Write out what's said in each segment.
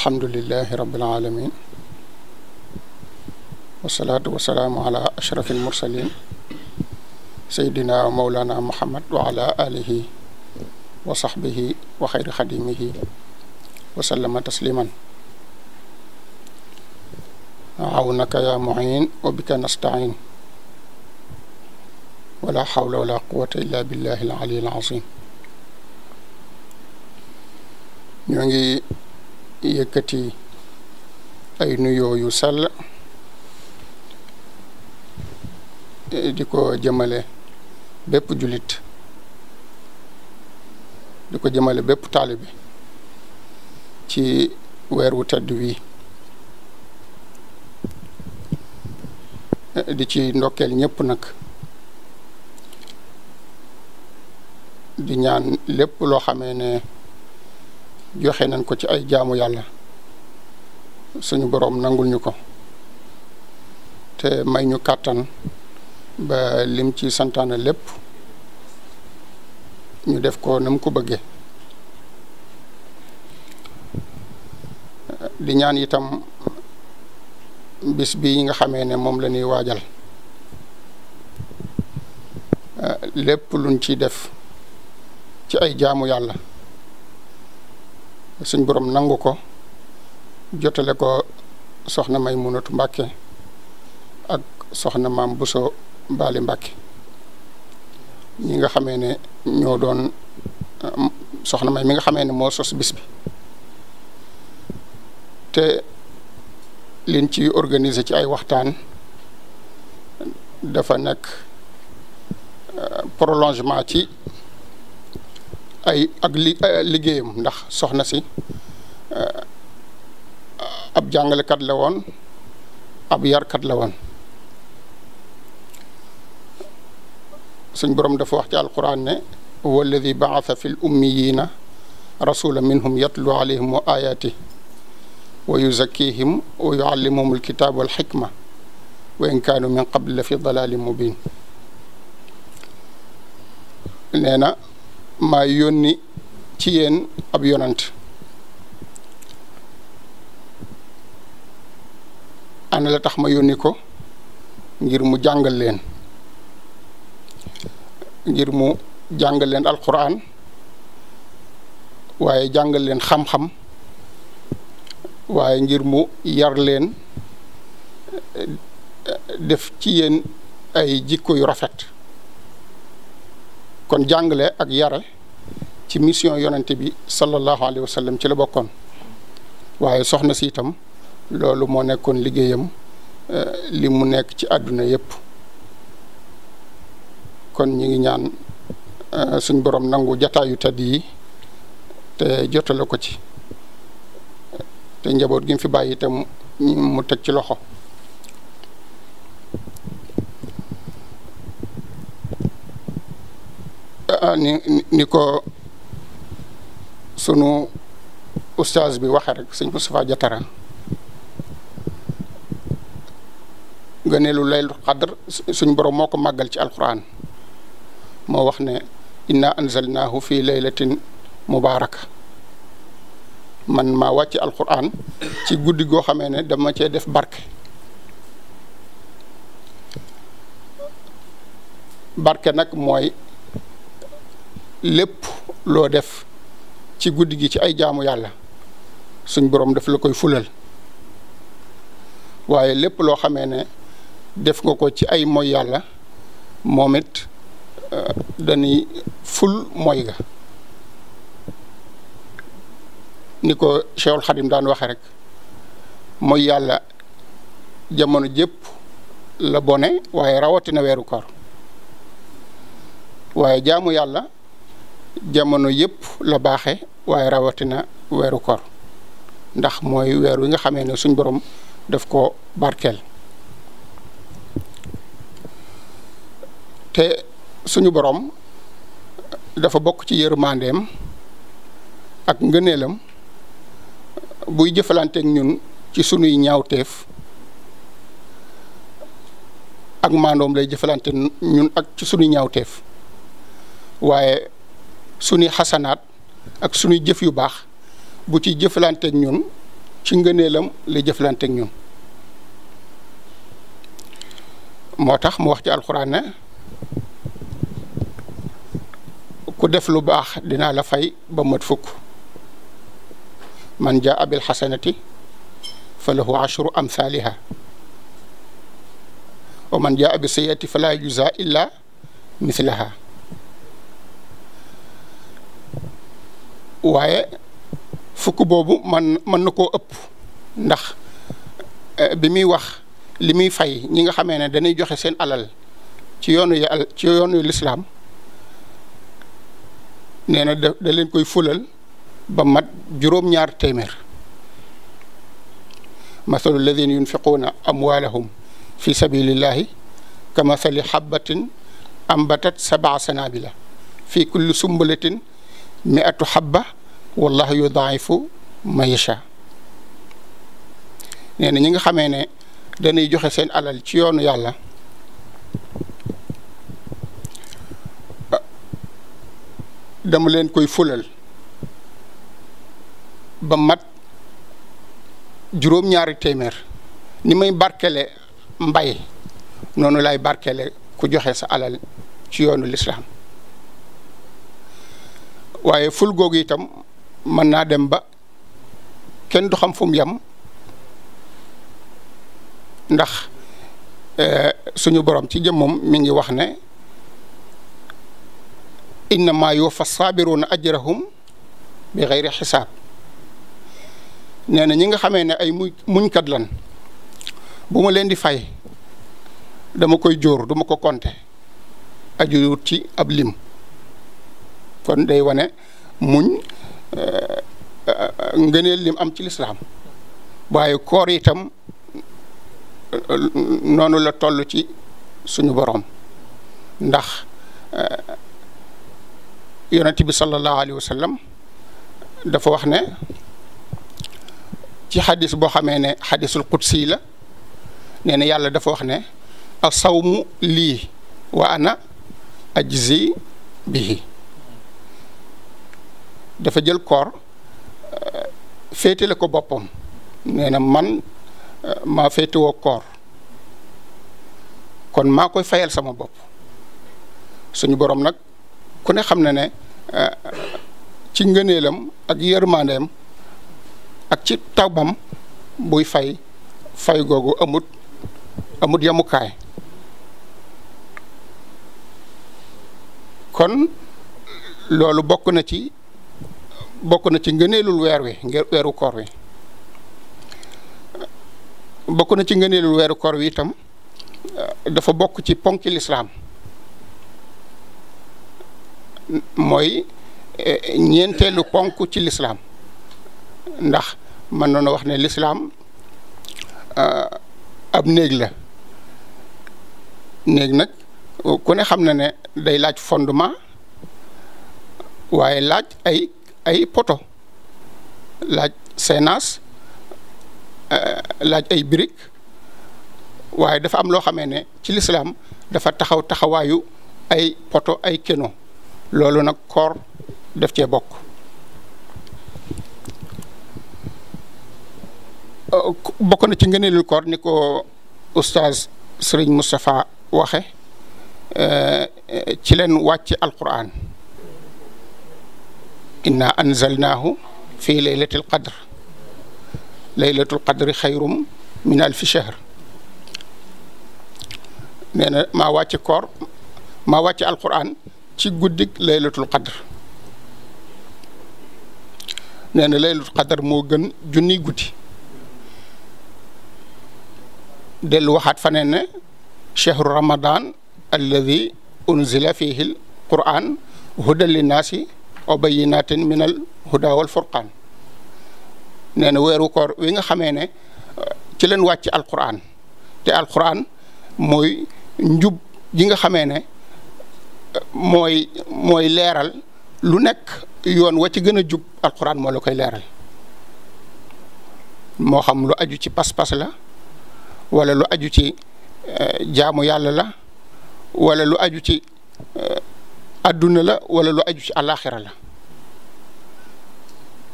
الحمد لله رب العالمين والصلاة والسلام على أشرف المرسلين سيدنا ومولانا محمد وعلى آله وصحبه وخير خديمه وسلم تسليما عونك يا معين وبك نستعين ولا حول ولا قوة إلا بالله العلي العظيم ñoo yekkati aynuyoyu sall eh, di ko jëmale bépp julit di ko jëmale bépp taalibi ci weer wu tedd wii eh, di ci ndokkeel ñëpp nag di ñaan lépp loo xamee ne joxe nañ ko ci ay jaamu yàlla suñu boroom nangul ñu ko te may ñu kàttan ba lim ci santaane lépp ñu def ko na mu ko bëggee di ñaan itam bis bii nga xamee ne moom la waajal lépp luñ ci def ci ay jaamu yàlla suñ borom nangu ko jotale ko soxna may munatu mbàkke ak soxna maam Bousso Bali mbàkke ñi nga xamee ne ñoo doon soxna may mi nga xamee ne moo sos bis bi te liñ ci organiser ci ay waxtaan dafa nekk euh, prolongement ci ay ak li liggéeyam ndax soxna si ab jàngalekat la woon ab yarkat la woon suñ borom dafa wax ci alquran ne walladi baasa fi l ummiyina rasula minhum yatlu alayhim wa ayati wa yuzakkihim wa yuallimuhum alkitab walxikma wa in kaanu min qabli la fi dalalin mubin nee na ma yónni ci yéen ab yonant ana la tax ma yónni ko ngir mu jàngal leen ngir mu jàngal leen alquran waaye jàngal leen xam-xam waaye ngir mu yar leen eh, def ci yéen ay jikko yu rafet kon jàngale ak yare ci mission yonente bi sallallahu alayhi wa ci la bokkoon waaye soxna si itam loolu moo nekkoon liggéeyam eh, li mu nekk ci àdduna yépp kon ñi ngi ñaan eh, suñ borom nangu jataayu tedd yi te jotale ko ci te njaboot gi mu fi bàyyi itam mu teg ci loxo ni ni ko sunu ustaas bi waxe rek seigne Moustapha jattara ganelu laylu qadr suñu borom moko magal ci alquran mo wax ne inna anzalnahu fi laylatin mubarak. man ma al alquran ci guddi go xamee ne dama ci def barke barke nak moy lépp loo def ci guddi gi ci ay jaamu yàlla suñ borom daf la koy fulal waaye lépp loo xamee ne def nga ko ci ay moy yàlla moom it euh, ful moy ga ni ko Cheikhul Xadim daan waxe rek mooy yàlla jamono jépp la bone waaye rawatina weeru koor waaye jaamu yàlla jamono yëpp la baaxe waaye rawatina weeru koor ndax mooy weer wi nga xamee ne suñ boroom def ko barkeel te suñu boroom dafa bokk ci yërmandeem ak ngëneelam buy jëfalanteek ñun ci sunuy ñaawteef ak maandoom lay jëfalante ñun ak ci sunuy ñaawteef waaye suñu hasanat ak suñu jëf yu baax bu ci ak ñun ci li jëflante ak ñun motax mu wax ci alcorane ku def lu baax dina la fay ba mat fukk man jaa abil hasanati falahu ashru amthaliha ومن جاء بسيئة فلا يجزى fala مثلها illa waye fukk bobu man man nako upp ndax bi mi wax limi fay ñi nga xamé ne dañuy joxe seen alal ci yoonu yàlla ci yoonu l'islam nee na da leen koy fulal ba mat juróom-ñaar témèr مثل الذين ينفقون أموالهم في سبيل الله كمثل حبة أنبتت سبع سنابل في كل سنبلة miatu xabba wallahu yudaifu ma yasha nee na ñi nga xamee ne danay joxe seen alal ci yoonu yàlla dama leen koy fulal ba mat juróom-ñaari téeméer ni may barkele mbay noonu lay barkele ku joxe sa alal ci yoonu lislaam waaye ful googu itam mën naa dem ba kenn du xam fu mu yem ndax eh, suñu borom ci jëmmam mi ngi wax ne innama yuwaffa saabiruuna ajrahum bi xayri xisaab nee na ñi nga xamee ne ay muñ muñkat lan bu ma leen di fay dama koy jóor duma ko compter aju ci ab lim kon day wane muñ euh, ngëneel lim am ci lislaam waaye koor itam noonu la toll ci suñu boroom ndax euh, yonent bi sallallahu alayhi wa dafa wax ne ci xadis boo xamee ne xadisul qudsi la nee yàlla dafa wax ne asawmu lii wa ana ajzi bihi dafa jël koor euh, féetale ko boppam nee na man euh, maa féetewoo koor kon maa koy fayal sama bopp suñu borom nag ku ne xam na ne euh, ci ngëneelam ak yërmandeem ak ci tawbam buy fay fay googu amut amut yamukaay kon loolu bokk na ci bokk na ci ngëneelul weer wi ngir weeru koor wi bokk na ci ngëneelul weeru koor wi itam eh, dafa bokk ci ponki lislaam mooy eh, ñeenteelu ponk ci lislaam ndax mën noonu wax ne lislaam eh, ab néeg la néeg nag ku ne xam na ne day laaj fondement waaye laaj ay ay poto laaj seenaas laaj ay birig waaye dafa am loo xamee ne ci lislaam dafa taxaw taxawaayu ay poto ay keno loolu nag koor def cee bokk bokk na ci ngëneelul koor ni ko oustaz Serigne Moustapha waxe ci leen wàcc alquran إنا أنزلناه في ليلة القدر ليلة القدر خير من ألف شهر لأن ما واتي كور ما واتي القرآن تيقودك ليلة القدر لأن ليلة القدر موغن جني قدي دل واحد فنين شهر رمضان الذي أنزل فيه القرآن هدى للناس وبينات من الهدى والفرقان نين ويرو كور ويغا خامي ني تي لن واتي القران تي القران موي نجوب جيغا خامي ني موي موي ليرال لو نيك يون واتي غنا جوب القران مو لاكاي ليرال mo xam lu aju ci pass pass la wala lu aju ci euh, jaamu yalla la wala lu aju ci euh, adduna la wala lu aju ci àllaaxira la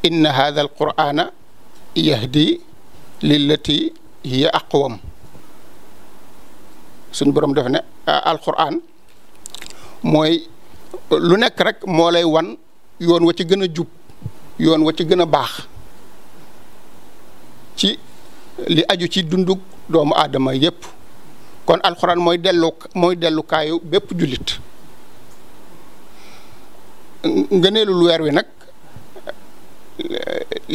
inna haada al qur'ana yahdi lillati hiya aqwam suñ borom def ne alquran mooy lu nekk rek moo lay wan yoon wa ci gën a jub yoon wa ci gën a baax ci li aju ci dundug doomu aadama yépp kon alquran mooy dellu mooy dellukaayu bépp jullit ngëneelul weer wi nag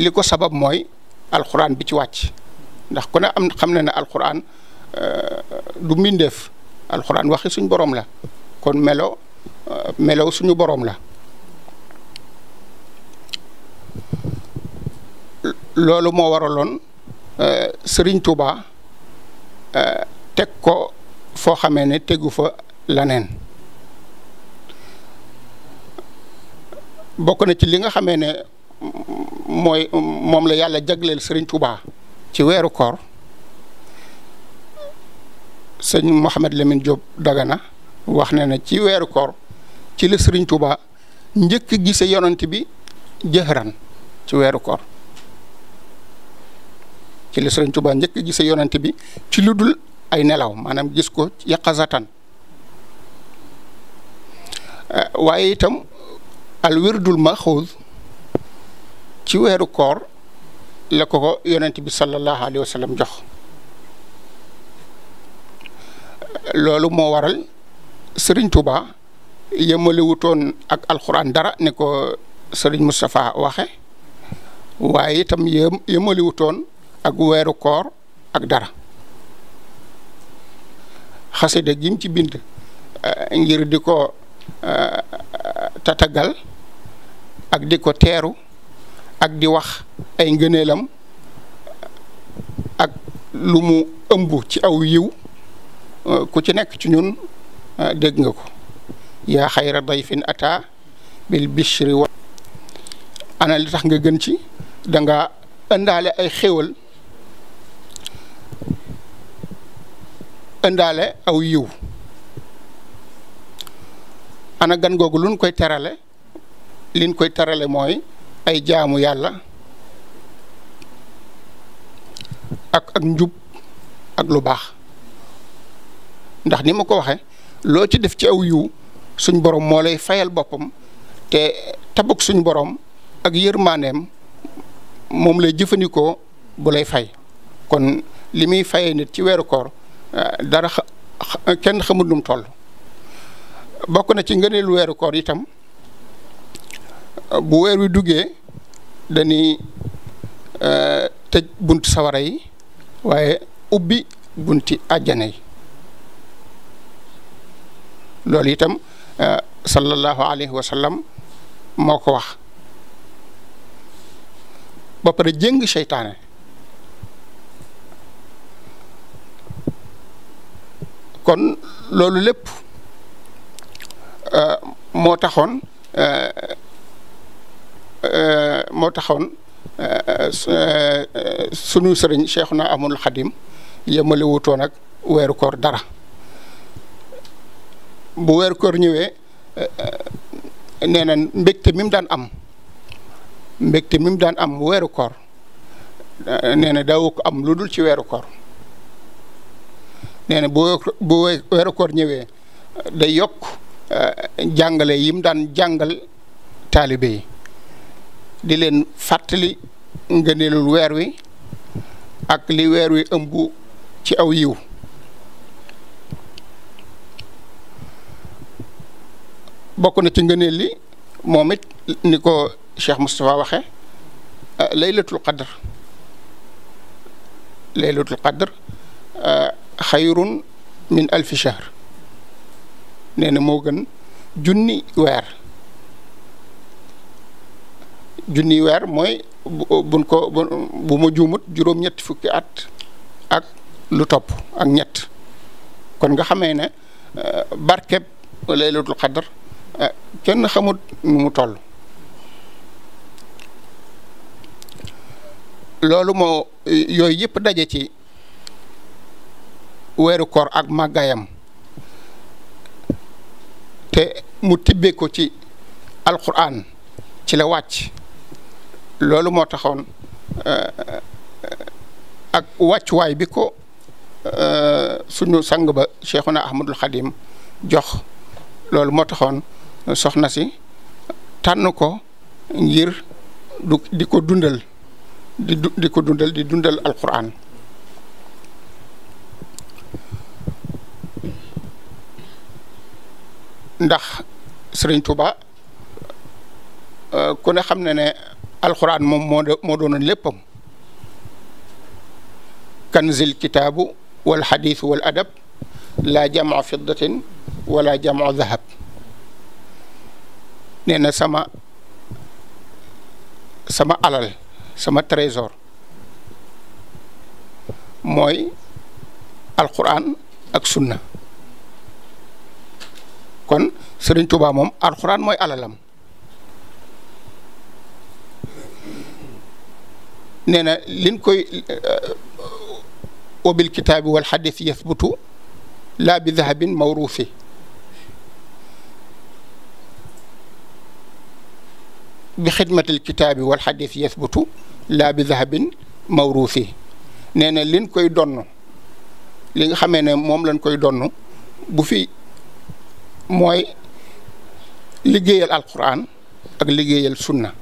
li ko sabab mooy alxuraan bi ci wàcc ndax ku ne am xam na ne alxuraan euh, du mbindeef alxuraan waxi suñ borom la kon melo euh, melow suñu borom la loolu moo loon euh, sëriñ Touba teg ko foo xamee ne tegu fa laneen bokk na ci li nga xamee ne mooy moom la yàlla jagleel sëriñ Touba ci weeru koor sëñ Mouhamed Lamine Diop na wax ne ne ci weeru koor ci la sëriñ Touba njëkk gise yonent bi jëhran ci weeru koor ci la sëriñ Touba njëkk gise yonent bi ci lu dul ay nelaw maanaam gis ko yaqazatan waaye itam al wirdul maxuud ci weeru koor la ko yonenti yonent bi sallallahu alayhi wa jox loolu moo waral sëriñ Touba yemale wutoon ak alxuraan dara ne ko sëriñ Moustapha waxe waaye itam yem ak weeru koor ak dara xasida gi ci bind eh, ngir di ko eh, tatagal ak di ko teeru ak di wax ay ngëneelam ak lu mu ëmb ci aw yiw euh, ku ci nekk ci ñun euh, dégg nga ko yaa xayra dayfin ata bil bishri wa ana li tax nga gën ci danga nga ëndaale ay xéwal ëndaale aw yiw ana gan googu luñ koy terale liñ koy tarale mooy ay jaamu yàlla ak ak njub ak lu baax ndax ni ma ko waxe loo ci def ci aw yiw suñ borom moo lay fayal boppam te tabuk suñ boroom ak yërmaaneem moom lay jëfandikoo bu lay fay kon li muy fayee nit ci weeru koor eh, dara kenn xamul num toll bokk na ci ngëneelu weeru koor itam bu weer wi duggee dañuy euh, tëj bunti sawara yi waaye ubbi bunti àjjana yi loolu itam euh, sallallahu alayhi wa sallam moo ko wax ba pare jëng seytaane kon loolu lépp euh, moo taxoon Euh, moo taxoon euh, euh, sunu sëriñ Cheikhuna Ahmadul Xadim yemale wutoon ak dara bu weeru koor ñëwee nee na mbégte mi daan am mbégte mi daan am weeru koor nee na daawu ko am lu dul ci weeru koor bu bu ñëwee day yokk jàngale yi daan jàngal taalibe yi di leen fàttali ngëneelul weer wi ak li weer wi ëmb ci aw yiw bokk na ci ngëneel li moomit ni ko Cheikh Moustapha waxe euh, laylatul qadr laylatul qadr euh, xayrun min alfi shahr moo gën junni weer junniy weer mooy buñ ko bu ma juumut juróom-ñetti fukki at ak lu topp ak ñett kon nga xamee ne euh, barkeb laylatul xadar euh, kenn xamut nu mu toll loolu moo yooyu yëpp daje ci weeru koor ak màggaayam te mu tibbee ko ci alquran ci la wàcc loolu moo taxoon euh, ak wàccuwaay bi ko euh, suñu sang ba na Ahmadul Xadim jox loolu moo taxoon soxna si tànn ko ngir di ko dundal di di ko dundal di dundal Alquran ndax Sëriñ Tuba euh, ku xam ne القرآن مدون لبهم كنز الكتاب والحديث والأدب لا جمع فضة ولا جمع ذهب نينا سما سما ألال سما تريزور موي القرآن أكسنة كن سرين توبا موم القرآن موي ألالم نينا لين كوي وبالكتاب والحديث يثبت لا بذهب موروثي بخدمة الكتاب والحديث يثبت لا بذهب موروثي نينا لين كوي دون لين خمينا موم لين كوي دون بفي موي لجيال القرآن أك السنه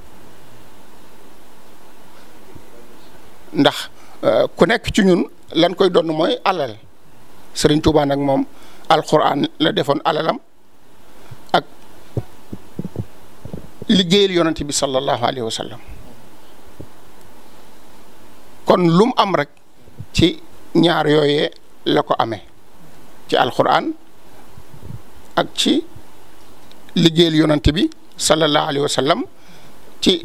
ndax euh, ku nekk ci ñun lan koy donn mooy alal Serigne Touba moom moom alxuraan la defoon alalam ak liggéeyal yonent bi sallallahu alayhi wa kon lum am rek ci ñaar yooyee la ko amee ci alxuraan ak ci liggéeyal yonent bi sallallahu alayhi wa ci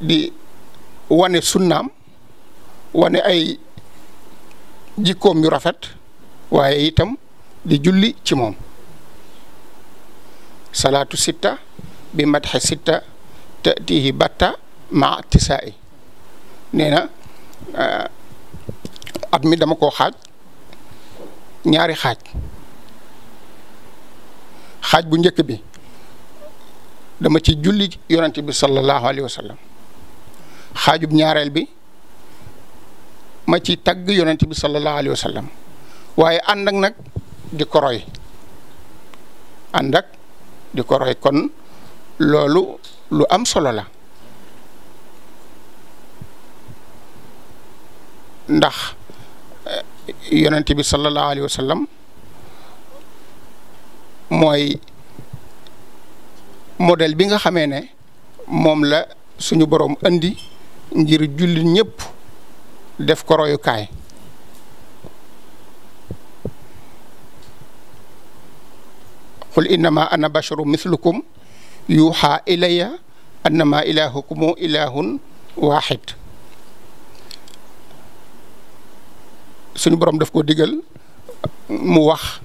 di wane sunnaam. wane ay jikkoom yu rafet waaye itam di julli ci moom salaatu sitta bi madxe sitta tatihi batta ma tisaa'i nee na at mi dama ko xaaj ñaari xaaj xaaj bu njëkk bi dama ci julli yonent bi sallallahu alayhi wa sallam xaajub ñaareel bi ma ci tagg yonent bi sallallahu alaihi wasallam waye waaye ànd ak di ko roy di ko kon lolu lu am solo la ndax eh, yonent bi sallallahu alaihi wasallam moy model bi nga xamé né mom la suñu borom andi ngir jullit ñepp def ko kay qul innama ana basharun mislukum yuha ilayya annama ilahukum ilahun wahid suñu borom daf ko digal mu wax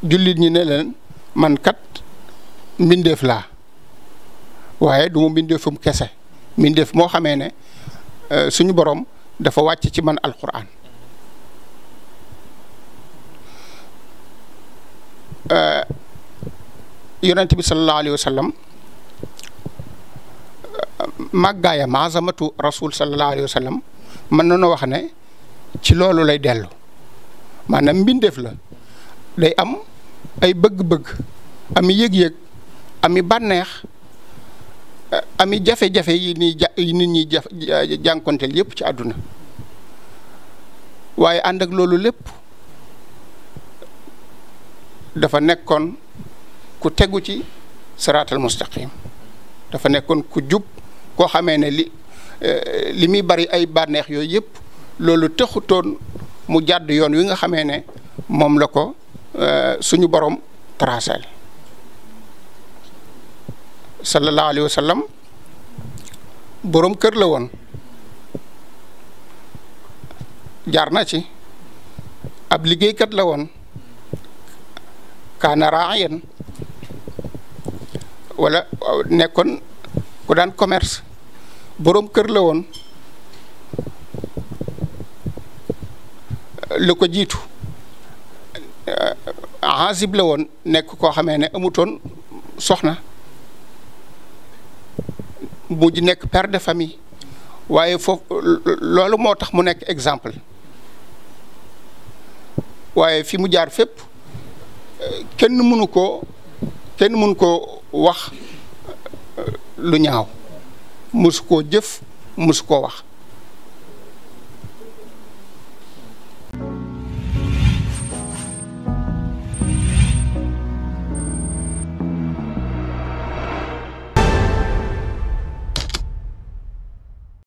julit ñi ne man kat mbindeef laa waaye du mu mbindeefum kese mbindeef moo xamee ne suñu borom dafa wàcc ci man alquran yonent bi sallallahu alayhi wa sallam màggaaya maazamatu rasul sallallahu alayhi wa sallam mën nañu wax ne ci loolu lay dellu maanaam mbindeef la day am ay bëgg-bëgg ami yëg-yëg ami bànneex ami jafe-jafe yi nii ja yi nit ñi jaf jànkonteel yëpp ci àdduna waaye àndak loolu lépp dafa nekkoon ku tegu ci siraatal mustaqim dafa nekkoon ku jub koo xamee ne li e, li muy bari ay bànneex yooyu yëpp loolu taxutoon mu jàdd yoon wi nga xamee ne moom la ko e, suñu borom trasel sallallahu alayhi wa sallam boroom kër la woon jaar na ci ab liggéeykat la woon kaana raayan wala nekkoon ku daan commerce boroom kër la woon lu ko jiitu haasib eh, eh, la woon nekk koo xamee ne amutoon soxna mu nekk père de famille waaye foofu loolu moo tax mu nekk exemple waaye fi mu jaar fépp kenn mënu ko kenn mënu ko wax lu ñaaw mësu koo jëf mësu koo wax